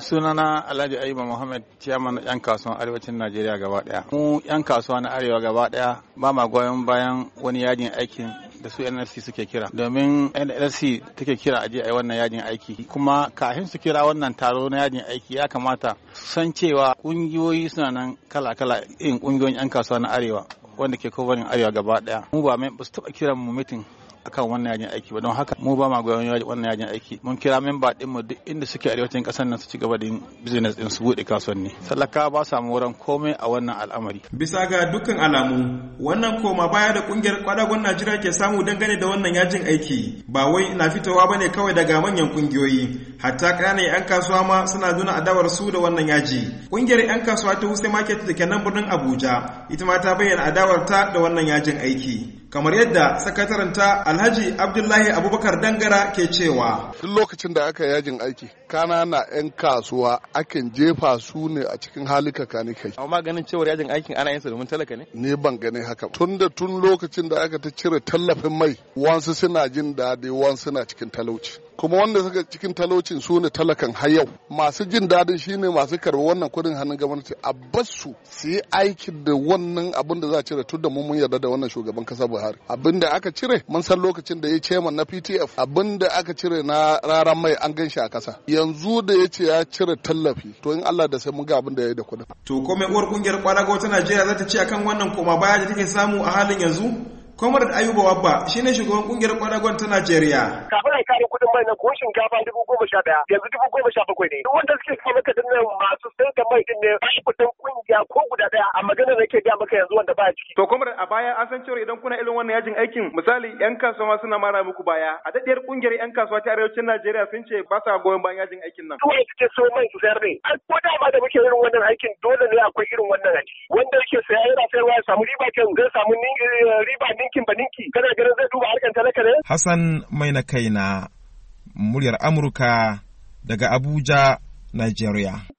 sunana alhaji ayuba muhammad ciyaman yan kasuwan arewacin najeriya gaba daya mu yan kasuwa na arewa gaba daya ba ma goyon bayan wani yajin aikin da su nlc suke kira domin nlc take kira a aje a yi wannan yajin aiki kuma kafin su kira wannan taro na yajin aiki ya kamata san cewa kungiyoyi suna nan kala-kala irin kungiyoyin yan kasuwa na arewa wanda ke kovarin arewa gaba daya mu ba mai ba su taba kiran mu mitin akan wannan yajin aiki ba don haka mu ba ma goyon wannan yajin aiki mun kira memba din mu duk inda suke arewacin kasar nan su ci gaba da yin business din su bude kasuwanni talaka ba sa wurin komai a wannan al'amari bisa ga dukkan alamu wannan koma baya da kungiyar kwadagon Najeriya ke samu dangane da wannan yajin aiki ba wai na fitowa bane kawai daga manyan kungiyoyi hatta kana yan kasuwa ma suna nuna adawar su da wannan yaji kungiyar yan kasuwa ta Hussein Market da ke nan birnin Abuja ita ma ta bayyana adawar ta da wannan yajin aiki kamar yadda sakataranta alhaji abdullahi abubakar dangara ke cewa duk lokacin da aka yajin aiki kanana 'yan kasuwa akan jefa su ne a cikin halika kani kai amma ganin cewar yajin aikin ana yin sa domin talaka ne ne ban gane haka tun da tun lokacin da aka ta cire tallafin mai wansu suna jin daɗi wansu suna cikin talauci kuma wanda suka cikin talocin su ne talakan har yau masu jin dadin shine masu karɓi wannan kudin hannun gwamnati a basu su yi aiki da wannan abin da za a cire tun da mun yarda da wannan shugaban kasa Buhari abin da aka cire mun san lokacin da ya chairman na PTF abin da aka cire na raran mai an gan shi a kasa yanzu da ya ce ya cire tallafi to in Allah da sai mun ga abin da ya yi da kudin to ko uwar kungiyar kwarago ta Najeriya za ta ce akan wannan koma baya da take samu a halin yanzu da Ayuba Wabba ne shugaban kungiyar kwadagon ta Najeriya. Kafin ai kare kudin mai na ko shinkafa dubu goma sha daya yanzu dubu goma sha bakwai ne. Duk wanda suke cikin maka dinnan masu sai da mai din ne bashi kudin kungiya ko guda daya a magana da ke ga maka yanzu wanda ba ciki. To Comrade a baya an san cewa idan kuna irin wannan yajin aikin misali yan kasuwa suna mara muku baya a daɗiyar kungiyar yan kasuwa ta arewacin Najeriya sun ce ba sa goyon bayan yajin aikin nan. Kuma suke so mai su sayar ne. Ai ko da ma da muke irin wannan aikin dole ne akwai irin wannan aiki. Wanda yake saya yana sayarwa ya samu riba kan zai samu eh, riba ne ninkin ba ninki kana ganin zai duba harkan talaka ne Hassan mai na kaina muryar Amurka daga Abuja Nigeria